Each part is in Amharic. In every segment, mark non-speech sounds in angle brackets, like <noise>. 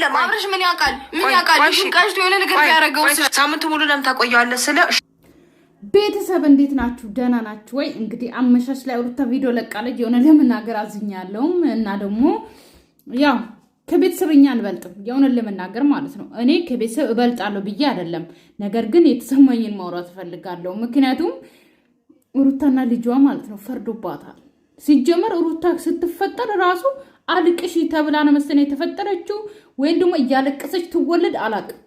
አይደለም አብረሽ ምን ያውቃል? ምን ያውቃል? የሆነ ነገር ያደረገው ሙሉ ለምን ታቆየዋለህ? ስለ ቤተሰብ እንዴት ናችሁ? ደህና ናችሁ ወይ? እንግዲህ አመሻሽ ላይ ሩታ ቪዲዮ ለቃለች። የሆነ ለመናገር አዝኛለሁም እና ደግሞ ያው ከቤተሰብ እኛ አንበልጥም። የእውነት ለመናገር ማለት ነው እኔ ከቤተሰብ እበልጣለሁ ብዬ አይደለም፣ ነገር ግን የተሰማኝን ማውራት እፈልጋለሁ። ምክንያቱም ሩታና ልጇ ማለት ነው ፈርዶባታል። ሲጀመር ሩታ ስትፈጠር ራሱ አልቅሺ ተብላ ነው መሰለኝ የተፈጠረችው፣ ወይም ደግሞ እያለቀሰች ትወለድ አላቅም።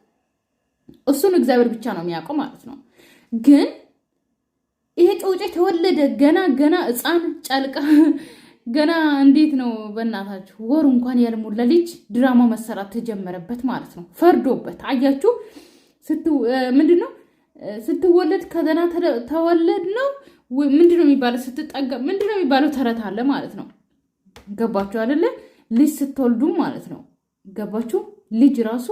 እሱን እግዚአብሔር ብቻ ነው የሚያውቀው ማለት ነው። ግን ይሄ ጨውጨ ተወለደ ገና ገና ሕፃን ጨልቃ <laughs> ገና እንዴት ነው በእናታችሁ ወሩ እንኳን ያልሞላ ልጅ ድራማ መሰራት ተጀመረበት ማለት ነው። ፈርዶበት አያችሁ። ምንድን ነው ስትወለድ ከገና ተወለድ ነው ምንድን ነው የሚባለው? ስትጠገብ ምንድን ነው የሚባለው? ተረት አለ ማለት ነው። ገባችሁ አይደለ? ልጅ ስትወልዱ ማለት ነው። ገባችሁ? ልጅ ራሱ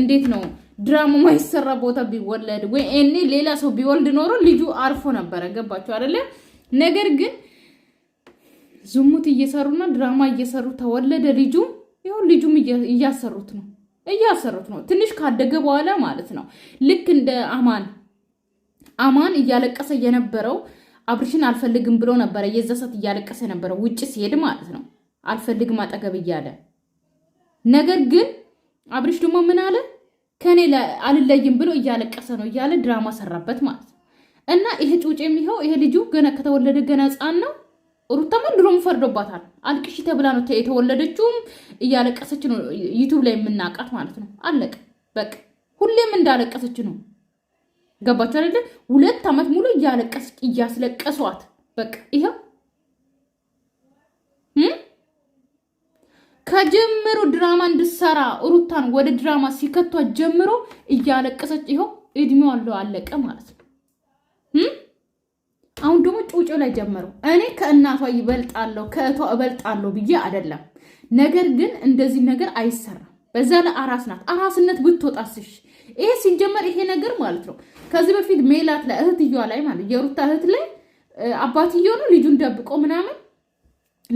እንዴት ነው ድራማ ማይሰራ ቦታ ቢወለድ ወይ እኔ ሌላ ሰው ቢወልድ ኖሮ ልጁ አርፎ ነበረ። ገባችሁ አይደለ? ነገር ግን ዝሙት እየሰሩና ድራማ እየሰሩ ተወለደ ልጁ። ይኸው ልጁም እያሰሩት ነው እያሰሩት ነው። ትንሽ ካደገ በኋላ ማለት ነው ልክ እንደ አማን አማን እያለቀሰ የነበረው አብርሽን አልፈልግም ብሎ ነበረ። የዛ ሰዓት እያለቀሰ ነበረ ውጭ ሲሄድ ማለት ነው። አልፈልግም አጠገብ እያለ ነገር ግን አብርሽ ደግሞ ምን አለ ከኔ አልለይም ብሎ እያለቀሰ ነው እያለ ድራማ ሰራበት ማለት ነው። እና ይሄ ጩጭ የሚኸው ይሄ ልጁ ገና ከተወለደ ገና ህፃን ነው። ሩታማ ድሮም ፈርዶባታል። አልቅሺ ተብላ ነው የተወለደችውም እያለቀሰች ነው ዩቱብ ላይ የምናውቃት ማለት ነው። አለቅ በቅ ሁሌም እንዳለቀሰች ነው። ገባችሁ አይደለ? ሁለት ዓመት ሙሉ እያለቀስ እያስለቀሷት በቃ ይኸው ከጀምሮ ድራማ እንድሰራ ሩታን ወደ ድራማ ሲከቷት ጀምሮ እያለቀሰች ይኸው እድሜው አለው አለቀ ማለት ነው። አሁን ደግሞ ጩጮ ላይ ጀመረው። እኔ ከእናቷ ይበልጣለሁ ከእቷ እበልጣለሁ ብዬ አይደለም፣ ነገር ግን እንደዚህ ነገር አይሰራም። በዛ ላይ አራስ ናት። አራስነት ብትወጣስሽ ይሄ ሲጀመር ይሄ ነገር ማለት ነው ከዚህ በፊት ሜላት ላይ እህትየዋ ላይ ማለት የሩታ እህት ላይ አባትየው ነው ልጁን ደብቆ ምናምን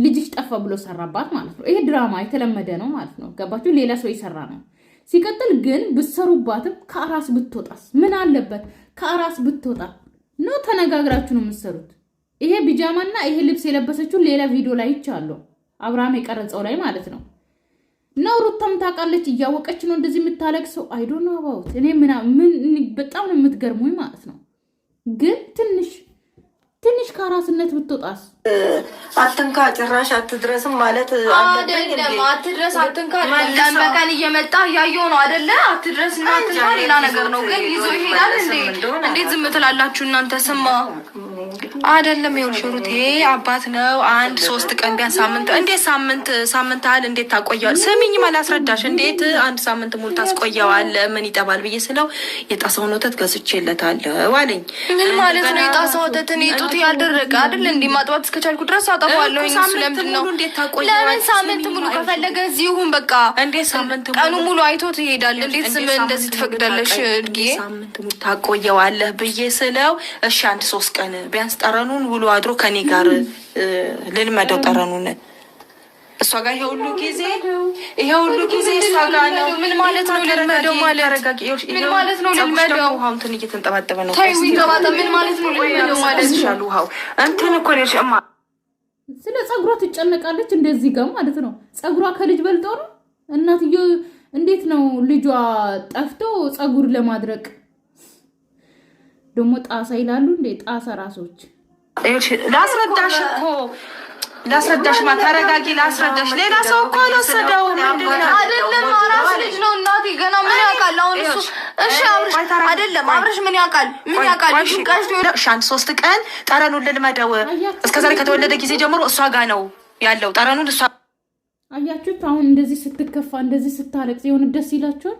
ልጅሽ ጠፋ ብሎ ሰራባት ማለት ነው። ይሄ ድራማ የተለመደ ነው ማለት ነው። ገባችሁ? ሌላ ሰው የሰራ ነው። ሲቀጥል ግን ብትሰሩባትም ከአራስ ብትወጣስ ምን አለበት? ከአራስ ብትወጣ ነው ተነጋግራችሁ ነው የምትሰሩት። ይሄ ቢጃማና ይሄ ልብስ የለበሰችው ሌላ ቪዲዮ ላይ ይቻለሁ አብርሃም የቀረጸው ላይ ማለት ነው ነው ሩታም ታውቃለች፣ እያወቀች ነው እንደዚህ የምታለቅሰው። አይዶ ነው አባውት እኔ ምን በጣም ነው የምትገርሙኝ ማለት ነው። ግን ትንሽ ትንሽ ከአራስነት ብትወጣስ? አትንካ ጭራሽ አትድረስም ማለት አይደለም። አትድረስ አትንካ፣ ቀን በቀን እየመጣ እያየው ነው አይደለ? አትድረስ እና አትንካ ሌላ ነገር ነው። ግን ይዞ ይሄዳል እንዴ? እንዴት ዝም ትላላችሁ እናንተ? ስማ አይደለም። ይኸውልሽ ሩቴ አባት ነው። አንድ ሶስት ቀን ቢያንስ ሳምንት፣ እንዴት ሳምንት ሳምንት አህል እንዴት ታቆየዋል? ስሚኝም አላስረዳሽ። እንዴት አንድ ሳምንት ሙሉ ታስቆየዋል? ምን ይጠባል ብዬ ስለው የጣሳውን ወተት ገዝቼለታለሁ አለኝ። ምን ማለት ነው የጣሳ ወተት? እኔ ጡት ያልደረቀ አይደል እንዲ ማጥባት እስከቻልኩ ድረስ አጠፋለሁ። እሱ ለምንድን ነው እንዴት ለምን ሳምንት ሙሉ ከፈለገ እዚሁን በቃ እንዴት ሳምንት ቀኑ ሙሉ አይቶት ይሄዳል። እንዴት ስም እንደዚህ ትፈቅዳለሽ? ሳምንት ሙሉ ታቆየዋለህ ብዬ ስለው እሺ አንድ ሶስት ቀን ቢያንስ ጠረኑን ውሎ አድሮ ከኔ ጋር ልልመደው ጠረኑን እሷ ጋር ይሄ ሁሉ ጊዜ ይሄ ሁሉ ጊዜ እሷ ጋር ነው። ምን ማለት ነው ልልመደው ማለት ምን ማለት ነው ልልመደው? ውሃው እንትን እየተንጠባጠበ ነው። ታይ ምን ማለት ነው ልልመደው ማለት ይሻሉ። ውሃው እንትን እኮ ነው ሸማ ስለ ጸጉሯ ትጨነቃለች። እንደዚህ ጋር ማለት ነው ጸጉሯ ከልጅ በልጦ ነው። እናትዮ እንዴት ነው ልጇ ጠፍቶ ጸጉር ለማድረቅ ደግሞ ጣሳ ይላሉ እንዴ? ጣሳ ራሶች ላስረዳሽ እኮ ላስረዳሽ ማ ተረጋጊ፣ ላስረዳሽ። ሌላ ሰው እኮ አልወሰደውም። አይደለም አራስ ልጅ ነው እናቴ። ገና ምን ያውቃል አሁን እሱ። እሺ አብርሽ፣ አይደለም አብርሽ ምን ያውቃል? ምን ያውቃል? እሺ አንድ ሶስት ቀን ጠረኑን ልልመደው። እስከዛሬ ከተወለደ ጊዜ ጀምሮ እሷ ጋ ነው ያለው ጠረኑን። እሷ አያችሁት። አሁን እንደዚህ ስትከፋ እንደዚህ ስታለቅስ የሆነ ደስ ይላችኋል።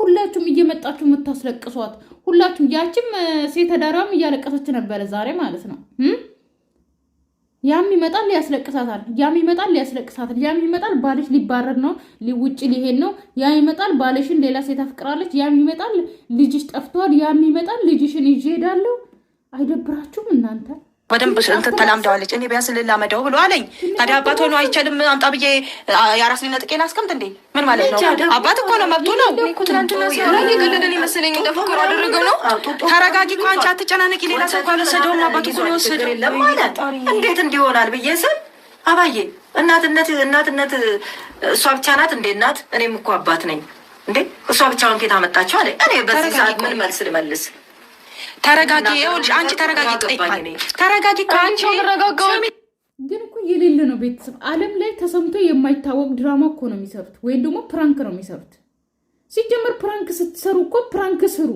ሁላችሁም እየመጣችሁ የምታስለቅሷት ሁላችሁም። ያችም ሴት ተዳራም እያለቀሰች ነበረ ዛሬ ማለት ነው። ያም ይመጣል ሊያስለቅሳታል፣ ያም ይመጣል ሊያስለቅሳታል፣ ያም ይመጣል ባልሽ ሊባረር ነው ሊውጭ ሊሄድ ነው፣ ያም ይመጣል ባልሽን ሌላ ሴት አፍቅራለች፣ ያም ይመጣል ልጅሽ ጠፍቷል፣ ያም ይመጣል ልጅሽን ይዤ ሄዳለሁ። አይደብራችሁም እናንተ? በደንብ እንትን ተላምደዋለች። እኔ ቢያንስ ልላመደው ብሎ አለኝ። ታዲያ አባት ሆኖ አይቻልም አምጣ ብዬ የአራስ ልነት ቄን አስቀምጥ እንዴ? ምን ማለት ነው? አባት እኮ ነው፣ መብቱ ነው። ትናንትናገለደን መሰለኝ እንደፈቀሩ አደረገው ነው። ተረጋጊ እኮ አንቺ አትጨናነቂ። ሌላ ሰው ና አባቱ እኮ ነው የወሰደው። እንዴት እንዲሆናል ብዬ ስል አባዬ እናትነት እናትነት እሷ ብቻ ናት እንዴ? እናት እኔም እኮ አባት ነኝ እንዴ? እሷ ብቻውን ኬት አመጣቸው አለ። እኔ በዚህ ሰዓት ምን መልስ ልመልስ? ተረጋጊ። ይኸውልሽ አንቺ ተረጋጊ፣ ተረጋጊ። ከአንቺ ግን እኮ የሌለ ነው ቤተሰብ። ዓለም ላይ ተሰምቶ የማይታወቅ ድራማ እኮ ነው የሚሰሩት፣ ወይም ደግሞ ፕራንክ ነው የሚሰሩት። ሲጀመር ፕራንክ ስትሰሩ እኮ ፕራንክ ስሩ፣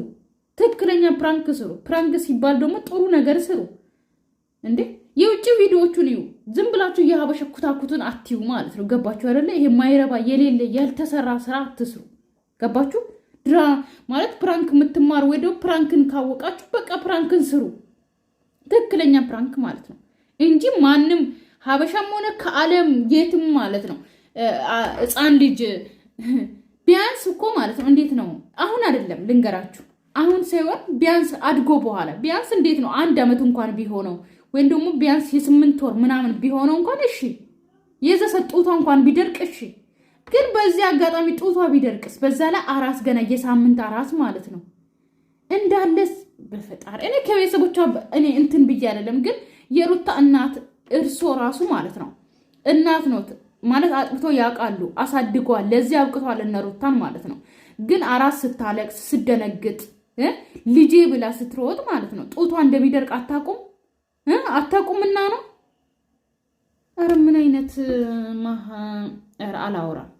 ትክክለኛ ፕራንክ ስሩ። ፕራንክ ሲባል ደግሞ ጥሩ ነገር ስሩ። እንዴ የውጭ ቪዲዮዎቹን ይዩ፣ ዝም ብላችሁ የሀበሻ ኩታኩቱን አትዩ ማለት ነው። ገባችሁ አይደለ? ይሄ ማይረባ የሌለ ያልተሰራ ስራ አትስሩ። ገባችሁ? ድራ ማለት ፕራንክ የምትማር ወይ ደግሞ ፕራንክን ካወቃችሁ በቃ ፕራንክን ስሩ፣ ትክክለኛ ፕራንክ ማለት ነው እንጂ ማንም ሀበሻም ሆነ ከዓለም የትም ማለት ነው ህፃን ልጅ ቢያንስ እኮ ማለት ነው እንዴት ነው አሁን አይደለም ልንገራችሁ፣ አሁን ሳይሆን ቢያንስ አድጎ በኋላ ቢያንስ እንዴት ነው አንድ አመት እንኳን ቢሆነው ወይም ደግሞ ቢያንስ የስምንት ወር ምናምን ቢሆነው እንኳን እሺ የዘሰጡታ እንኳን ቢደርቅ እሺ ግን በዚህ አጋጣሚ ጡቷ ቢደርቅስ? በዛ ላይ አራስ ገና የሳምንት አራስ ማለት ነው እንዳለስ በፈጣሪ እኔ ከቤተሰቦቿ እኔ እንትን ብዬ አይደለም፣ ግን የሩታ እናት እርሶ ራሱ ማለት ነው እናት ኖት ማለት አጥብቶ ያውቃሉ፣ አሳድጓል ለዚህ አብቅቷል እነ ሩታን ማለት ነው። ግን አራስ ስታለቅስ፣ ስደነግጥ፣ ልጄ ብላ ስትሮጥ ማለት ነው ጡቷ እንደሚደርቅ አታቁም አታቁምና ነው። ኧረ ምን አይነት አላወራም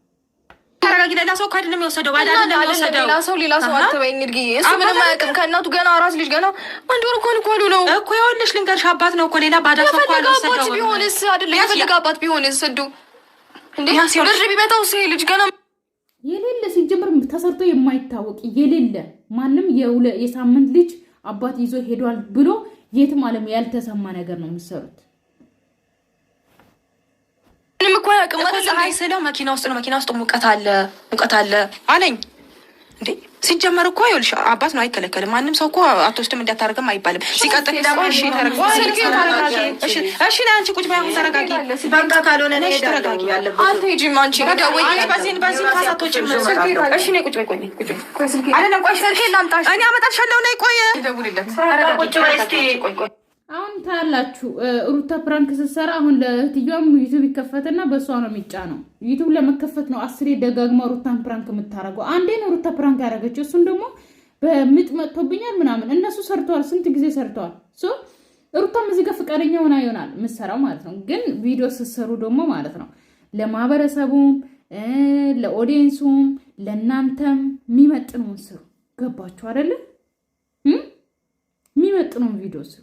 ተረጋጊ። ሌላ ሰው እኮ አይደለም የወሰደው ባል አይደለም የወሰደው። ሌላ ሰው ሌላ ሰው አትበይ አትበይኝ። እሱ ምንም አያውቅም። ከእናቱ ገና አራስ ልጅ ገና አንድ ወር እኮ ልኳሉ ነው እኮ ይኸውልሽ፣ ልንገርሽ አባት ነው እኮ ሌላ ባዳ ሰው እኮ አልወሰደውም። ቢሆንስ አይደለም የፈለገ አባት ቢሆንስ እንዱ እንዴ ብር ቢመጣው ሲ ልጅ ገና የሌለ ሲጀምር ተሰርቶ የማይታወቅ የሌለ ማንም የሳምንት ልጅ አባት ይዞ ሄዷል ብሎ የትም ዓለም ያልተሰማ ነገር ነው የምትሰሩት። እኮ አያውቅም። ፀሐይ ስለው መኪና ውስጥ ነው መኪና ውስጥ ሙቀት አለ ሙቀት አለ አለኝ። እንዴ ሲጀመር እኮ ይኸውልሽ አባት ነው አይከለከልም። ማንም ሰው እኮ አትወስድም እንዳታደርግም አይባልም። ሲቀጥል ደግሞ እሺ እሺ ላይ አንቺ ቁጭ ተረጋጊ። በቃ ካልሆነ ተረጋጊ። አትሄጂም አንቺ እኔ አመጣልሻለሁ። ነይ ቆይ አሁን ታያላችሁ ሩታ ፕራንክ ስትሰራ አሁን ለእህትዮዋም ዩቱብ ይከፈትና በእሷ ነው የሚጫ ነው ዩቱብ ለመከፈት ነው አስሬ ደጋግማ ሩታን ፕራንክ የምታደርገው። አንዴ ነው ሩታ ፕራንክ ያደረገችው፣ እሱን ደግሞ በምጥ መጥቶብኛል ምናምን እነሱ ሰርተዋል፣ ስንት ጊዜ ሰርተዋል። ሩታም እዚህ ጋር ሆና ይሆናል የምትሰራው ማለት ነው። ግን ቪዲዮ ስትሰሩ ደግሞ ማለት ነው ለማህበረሰቡም ለኦዲየንሱም ለእናንተም የሚመጥነውን ስሩ። ገባችሁ አይደለም? የሚመጥነውን ቪዲዮ ስሩ።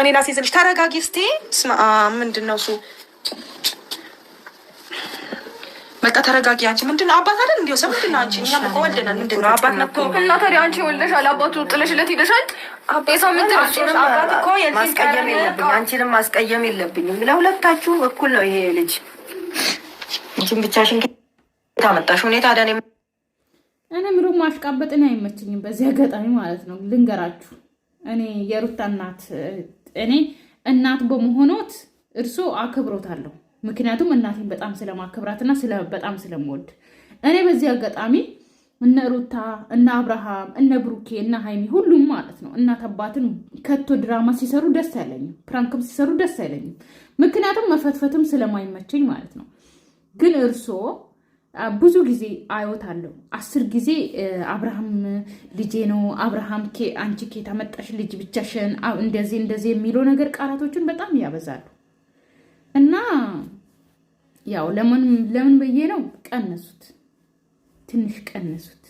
እኔ ላስይዝልሽ። ተረጋጊ እስቲ። ስማ ምንድን ነው እሱ? በቃ ተረጋጊ። አንቺ ምንድን ነው አባት አይደል? እንዲሁ ሰው ምንድን ነው አንቺ? እኛም እኮ ወልደናል። ምንድን ነው አባት ነው እኮ። እና ታዲያ አንቺ ወልደሻል፣ አባቱ ጥለሽለት ሄደሻል። አባት ማስቀየም የለብኝ፣ አንቺንም ማስቀየም የለብኝም። ለሁለታችሁ እኩል ነው ይሄ ልጅ። አንቺን ብቻሽን ታመጣሽ ሁኔታ ዳን እኔ ምሩ ማሽቃበጥ እኔ አይመችኝም። በዚህ አጋጣሚ ማለት ነው ልንገራችሁ፣ እኔ የሩታ እናት እኔ እናት በመሆኖት እርሶ አክብሮታለሁ። ምክንያቱም እናቴን በጣም ስለማክብራትና በጣም ስለምወድ እኔ በዚህ አጋጣሚ እነ ሩታ እነ አብርሃም እነ ብሩኬ እነ ሀይሚ ሁሉም ማለት ነው እናት አባትን ከቶ ድራማ ሲሰሩ ደስ አይለኝም፣ ፕራንክም ሲሰሩ ደስ አይለኝም። ምክንያቱም መፈትፈትም ስለማይመቸኝ ማለት ነው። ግን እርሶ ብዙ ጊዜ አለው አስር ጊዜ አብርሃም ልጄ ነው፣ አብርሃም አንቺ ኬት አመጣሽ ልጅ ብቻሽን፣ እንደዚህ እንደዚህ የሚለው ነገር ቃላቶችን በጣም ያበዛሉ እና ያው ለምን ብዬ ነው ቀነሱት፣ ትንሽ ቀነሱት።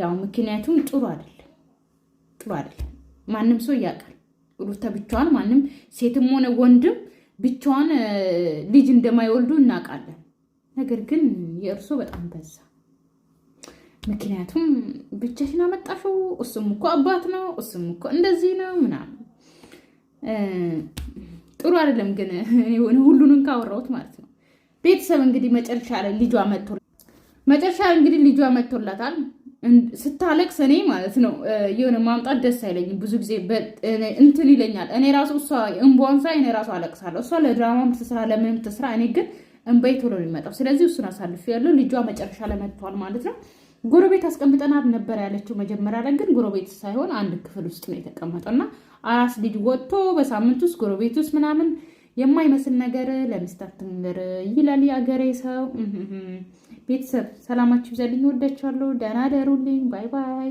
ያው ምክንያቱም ጥሩ አይደለም፣ ጥሩ አይደለም። ማንም ሰው ያውቃል ሩታ ብቻዋን ማንም ሴትም ሆነ ወንድም ብቻዋን ልጅ እንደማይወልዱ እናውቃለን። ነገር ግን የእርሱ በጣም በዛ። ምክንያቱም ብቻሽን አመጣሽው፣ እሱም እኮ አባት ነው፣ እሱም እኮ እንደዚህ ነው ምናምን። ጥሩ አይደለም ግን የሆነ ሁሉንም ካወራሁት ማለት ነው። ቤተሰብ እንግዲህ መጨረሻ ላይ ልጇ መጥቶ መጨረሻ ላይ እንግዲህ ልጇ መጥቶላታል። ስታለቅስ እኔ ማለት ነው የሆነ ማምጣት ደስ አይለኝም። ብዙ ጊዜ እንትን ይለኛል። እኔ ራሱ እሷ እንቧንሳ እኔ ራሱ አለቅሳለሁ። እሷ ለድራማም ትስራ ለምንም ትስራ፣ እኔ ግን እንባዬ ቶሎ ነው የሚመጣው። ስለዚህ እሱን አሳልፍ ያለው ልጇ መጨረሻ ለመጥቷል ማለት ነው። ጎረቤት አስቀምጠናት ነበር ያለችው መጀመሪያ ላይ ግን ጎረቤት ሳይሆን አንድ ክፍል ውስጥ ነው የተቀመጠው እና አራስ ልጅ ወጥቶ በሳምንት ውስጥ ጎረቤት ውስጥ ምናምን የማይመስል ነገር ለሚስታት ትንገር ይላል የአገሬ ሰው። ቤተሰብ ሰላማችሁ ይብዛልኝ። ወዳችኋለሁ። ደህና ደሩልኝ። ባይ ባይ